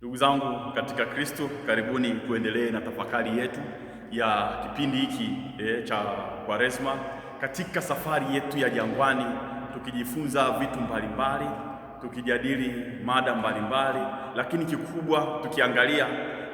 Ndugu zangu katika Kristo, karibuni tuendelee na tafakari yetu ya kipindi hiki e, cha Kwaresma katika safari yetu ya jangwani, tukijifunza vitu mbalimbali, tukijadili mada mbalimbali, lakini kikubwa tukiangalia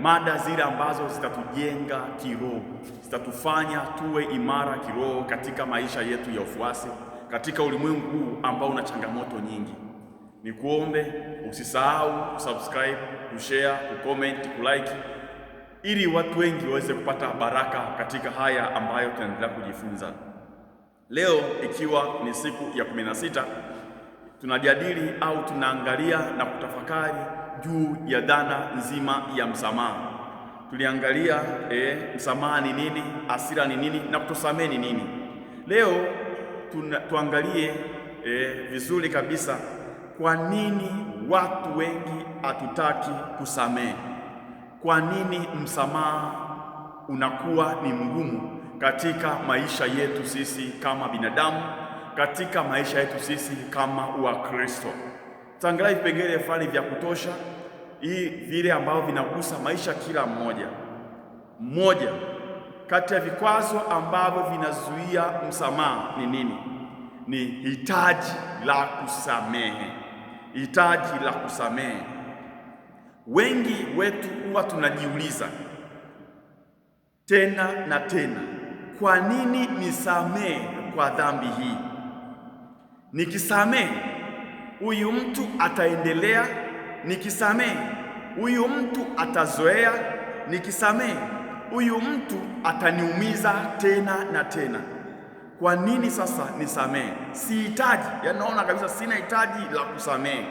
mada zile ambazo zitatujenga kiroho, zitatufanya tuwe imara kiroho katika maisha yetu ya ufuasi katika ulimwengu huu ambao una changamoto nyingi. Nikuombe usisahau kusubscribe kushare, kucomment, kulike ili watu wengi waweze kupata baraka katika haya ambayo tunaendelea kujifunza. Leo ikiwa ni siku ya kumi na sita tunajadili au tunaangalia na kutafakari juu ya dhana nzima ya msamaha. Tuliangalia eh, msamaha ni nini, hasira ni nini na kutosamehe ni nini. Leo tuna, tuangalie eh, vizuri kabisa kwa nini watu wengi hatutaki kusamehe. Kwa nini msamaha unakuwa ni mgumu katika maisha yetu sisi kama binadamu, katika maisha yetu sisi kama Wakristo? Tutaangalia vipengele fulani vya kutosha hii vile ambavyo vinagusa maisha kila mmoja. mmoja kati ya vikwazo ambavyo vinazuia msamaha ni nini? Ni hitaji la kusamehe, hitaji la kusamehe. Wengi wetu huwa tunajiuliza tena na tena, kwa nini nisamehe kwa dhambi hii? Nikisamehe huyu mtu ataendelea, nikisamehe huyu mtu atazoea, nikisamehe huyu mtu ataniumiza tena na tena. Kwa nini sasa nisamehe? Sihitaji, yanaona yaani kabisa sina hitaji la kusamehe.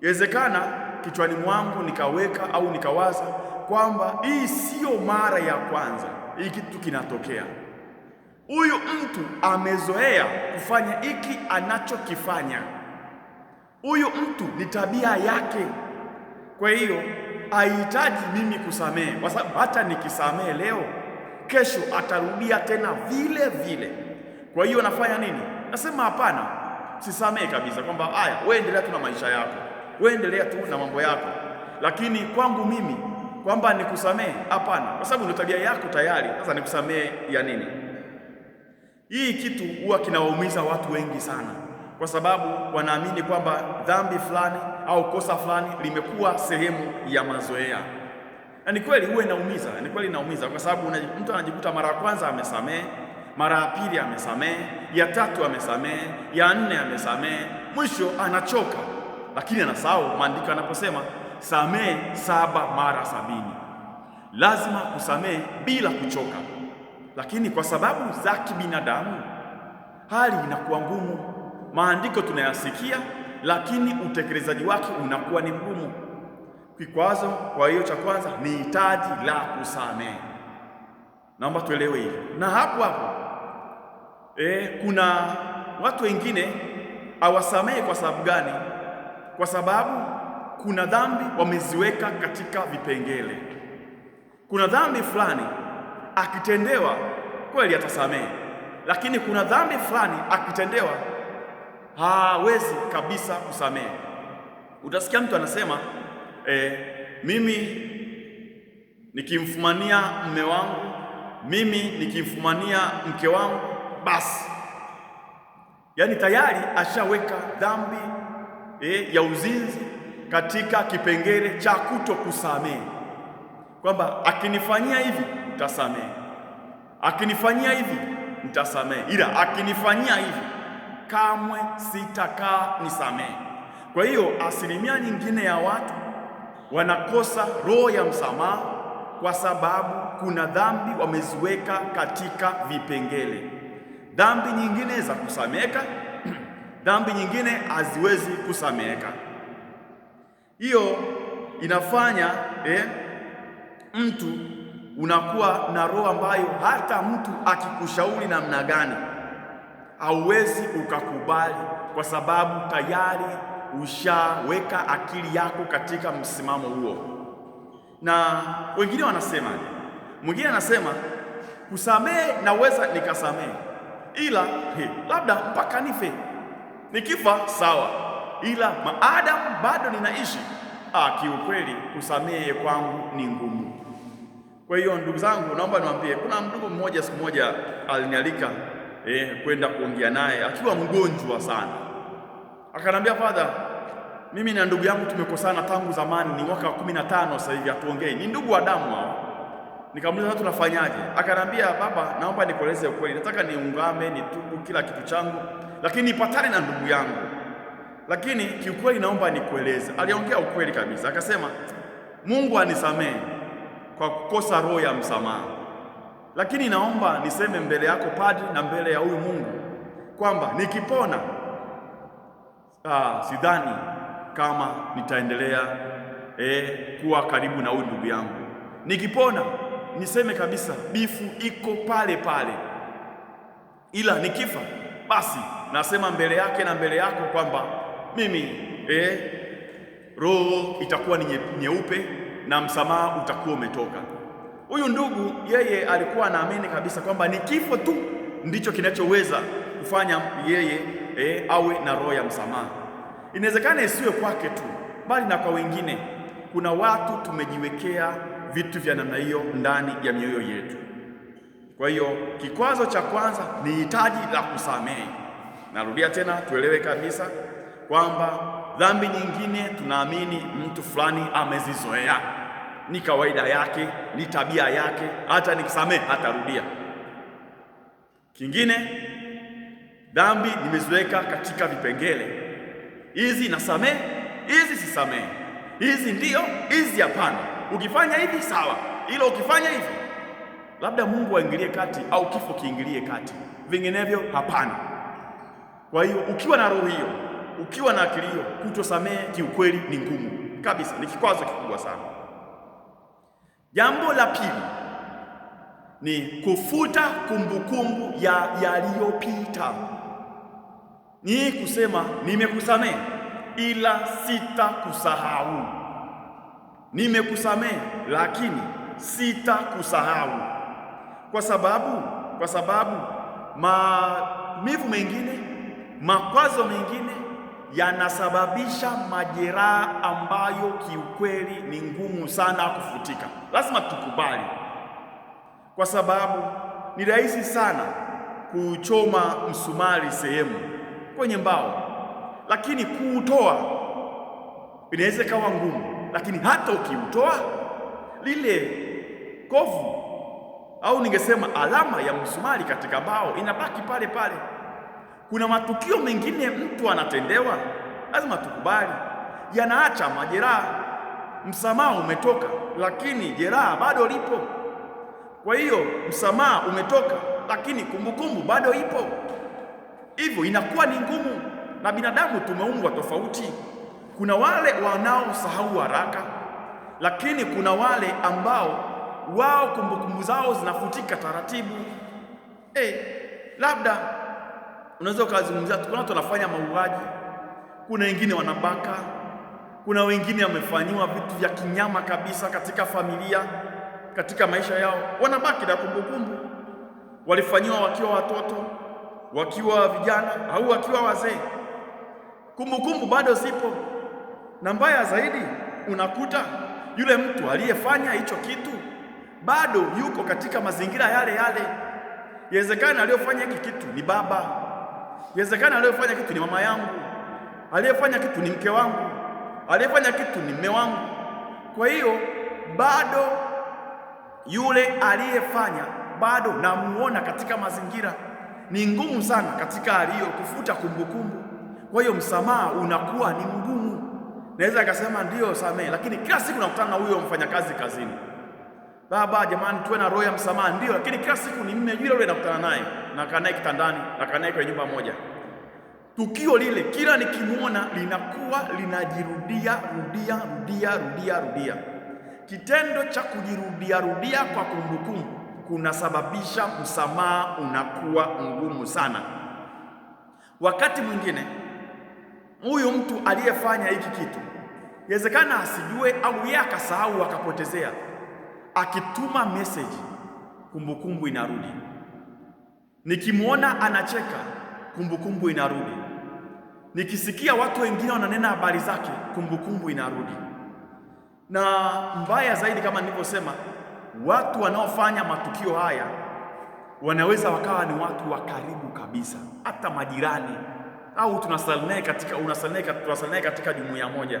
Iwezekana kichwani mwangu nikaweka au nikawaza kwamba hii siyo mara ya kwanza hii kitu kinatokea. Huyu mtu amezoea kufanya hiki anachokifanya, huyu mtu ni tabia yake. Kwa hiyo haihitaji mimi kusamehe, kwa sababu hata nikisamehe leo, kesho atarudia tena vile vile. Kwa hiyo nafanya nini? Nasema hapana, sisamehe kabisa, kwamba haya, wewe endelea tu na maisha yako wewe endelea tu na mambo yako, lakini kwangu mimi kwamba nikusamehe, hapana, kwa sababu ndio tabia yako tayari. Sasa nikusamehe ya nini? Hii kitu huwa kinawaumiza watu wengi sana, kwa sababu wanaamini kwamba dhambi fulani au kosa fulani limekuwa sehemu ya mazoea, na ni kweli huwa inaumiza, ni kweli inaumiza, kwa sababu mtu anajikuta mara ya kwanza amesamehe, mara ya pili amesamehe, ya tatu amesamehe, ya nne amesamehe, mwisho anachoka lakini anasahau maandiko yanaposema samehe saba mara sabini. Lazima kusamehe bila kuchoka, lakini kwa sababu za kibinadamu hali inakuwa ngumu. Maandiko tunayasikia, lakini utekelezaji wake unakuwa ni mgumu. Kikwazo kwa hiyo cha kwanza ni hitaji la kusamehe. Naomba tuelewe hivyo, na hapo hapo e, kuna watu wengine hawasamehe. Kwa sababu gani? kwa sababu kuna dhambi wameziweka katika vipengele. Kuna dhambi fulani akitendewa kweli atasamehe, lakini kuna dhambi fulani akitendewa hawezi kabisa kusamehe. Utasikia mtu anasema eh, mimi nikimfumania mme wangu, mimi nikimfumania mke wangu, basi yaani tayari ashaweka dhambi eh, ya uzinzi katika kipengele cha kutokusamehe, kwamba akinifanyia hivi nitasamehe, akinifanyia hivi nitasamehe, ila akinifanyia hivi kamwe sitakaa nisamehe. Kwa hiyo asilimia nyingine ya watu wanakosa roho ya msamaha kwa sababu kuna dhambi wameziweka katika vipengele. Dhambi nyingine za kusameka dhambi nyingine haziwezi kusameheka. Hiyo inafanya eh, mtu unakuwa na roho ambayo hata mtu akikushauri namna gani hauwezi ukakubali, kwa sababu tayari ushaweka akili yako katika msimamo huo. Na wengine wanasema, mwingine anasema kusamehe, naweza nikasamehe, ila he, labda mpaka nife Nikifa sawa, ila maadamu bado ninaishi, ah, kiukweli kusamehe kwangu ni ngumu. Kwa hiyo ndugu zangu, naomba niwaambie, kuna ndugu mmoja siku moja alinialika eh, kwenda kuongea naye akiwa mgonjwa sana, akanambia Father, mimi na ndugu yangu tumekosana tangu zamani, ni mwaka wa kumi na tano sasa hivi hatuongei, ni ndugu wa damu hao. Nikamuuliza tunafanyaje? Akanambia baba, naomba nikueleze ukweli, nataka niungame, nitubu kila kitu changu lakini nipatane na ndugu yangu. Lakini kiukweli, naomba nikueleze, aliongea ukweli kabisa, akasema Mungu anisamehe kwa kukosa roho ya msamaha, lakini naomba niseme mbele yako padri na mbele ya huyu Mungu kwamba nikipona, ah, sidhani kama nitaendelea eh, kuwa karibu na huyu ndugu yangu. Nikipona niseme kabisa bifu iko pale pale, ila nikifa basi nasema mbele yake na mbele yako kwamba mimi eh, roho itakuwa ni nyeupe na msamaha utakuwa umetoka. Huyu ndugu yeye alikuwa anaamini kabisa kwamba ni kifo tu ndicho kinachoweza kufanya yeye eh, awe na roho ya msamaha. Inawezekana isiwe kwake tu, bali na kwa wengine. Kuna watu tumejiwekea vitu vya namna hiyo ndani ya mioyo yetu. Kwa hiyo kikwazo cha kwanza ni hitaji la kusamehe. Narudia tena, tuelewe kabisa kwamba dhambi nyingine tunaamini mtu fulani amezizoea, ni kawaida yake, ni tabia yake, hata nikisamehe hatarudia. Kingine, dhambi nimeziweka katika vipengele, hizi nasamehe, hizi sisamehe, hizi ndio, hizi hapana. Ukifanya hivi sawa, ila ukifanya hivi labda Mungu aingilie kati au kifo kiingilie kati, vinginevyo hapana. Kwa hiyo ukiwa na roho hiyo, ukiwa na akili hiyo, kutosamehe kiukweli ni ngumu kabisa, ni kikwazo kikubwa sana. Jambo la pili ni kufuta kumbukumbu ya yaliyopita, ni kusema nimekusamehe, ila sitakusahau. Nimekusamehe lakini sitakusahau, kwa sababu kwa sababu maumivu mengine Makwazo mengine yanasababisha majeraha ambayo kiukweli ni ngumu sana kufutika. Lazima tukubali, kwa sababu ni rahisi sana kuuchoma msumari sehemu kwenye mbao, lakini kuutoa inaweza ikawa ngumu. Lakini hata ukiutoa lile kovu au ningesema alama ya msumari katika mbao inabaki pale pale. Kuna matukio mengine mtu anatendewa, lazima tukubali, yanaacha majeraha. Msamaha umetoka, lakini jeraha bado lipo. Kwa hiyo msamaha umetoka, lakini kumbukumbu bado ipo, hivyo inakuwa ni ngumu. Na binadamu tumeumbwa tofauti. Kuna wale wanaosahau haraka, lakini kuna wale ambao wao kumbukumbu zao zinafutika taratibu. Eh, labda unaweza ukazungumzia, kuna watu wanafanya mauaji, kuna wengine wanabaka, kuna wengine wamefanyiwa vitu vya kinyama kabisa katika familia, katika maisha yao, wanabaki na kumbukumbu. Walifanyiwa wakiwa watoto, wakiwa vijana, au wakiwa wazee, kumbukumbu bado zipo. Na mbaya zaidi, unakuta yule mtu aliyefanya hicho kitu bado yuko katika mazingira yale yale. Yawezekana aliyofanya hiki kitu ni baba Iwezekana aliyefanya kitu ni mama yangu, aliyefanya kitu ni mke wangu, aliyefanya kitu ni mme wangu. Kwa hiyo bado yule aliyefanya bado namuona katika mazingira. Ni ngumu sana katika hali hiyo kufuta kumbukumbu. Kwa hiyo msamaha unakuwa ni mgumu. Naweza akasema ndiyo samehe, lakini kila siku nakutana na huyo mfanyakazi kazini baba, jamani, tuwe na roho ya msamaha, ndio, lakini kila siku ni mme yule yule nakutana naye, nakaa naye kitandani, nakaa naye kwenye nyumba moja. Tukio lile kila nikimwona linakuwa linajirudia rudia rudia rudia rudia. Kitendo cha kujirudia rudia kwa kumbukumbu kunasababisha msamaha unakuwa ngumu sana. Wakati mwingine huyu mtu aliyefanya hiki kitu, inawezekana asijue au yeye akasahau akapotezea akituma message, kumbukumbu inarudi. Nikimwona anacheka, kumbukumbu inarudi. Nikisikia watu wengine wananena habari zake, kumbukumbu inarudi. Na mbaya zaidi, kama nilivyosema, watu wanaofanya matukio haya wanaweza wakawa ni watu wa karibu kabisa, hata majirani au tunasali katika, tunasali katika jumuiya moja.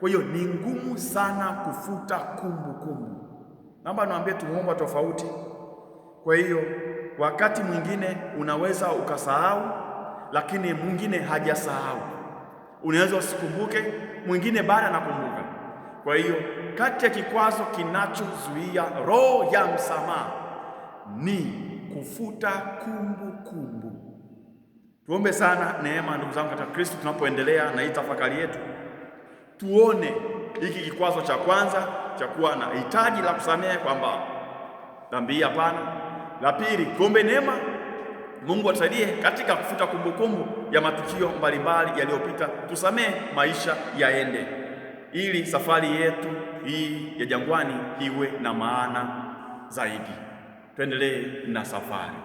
Kwa hiyo ni ngumu sana kufuta kumbukumbu kumbu. Naomba niwaambie tumeumbwa tofauti. Kwa hiyo wakati mwingine unaweza ukasahau, lakini mwingine hajasahau. Unaweza usikumbuke, mwingine bado anakumbuka. Kwa hiyo kati ya kikwazo kinachozuia roho ya msamaha ni kufuta kumbukumbu. Tuombe sana neema, ndugu zangu katika Kristo, tunapoendelea na hii tafakari yetu, tuone hiki kikwazo cha kwanza cha kuwa na hitaji la kusamehe kwamba dhambi hapana. La pili, tuombe neema, Mungu atusaidie katika kufuta kumbukumbu ya matukio mbalimbali yaliyopita, tusamehe, maisha yaende, ili safari yetu hii ya jangwani iwe na maana zaidi. Tuendelee na safari.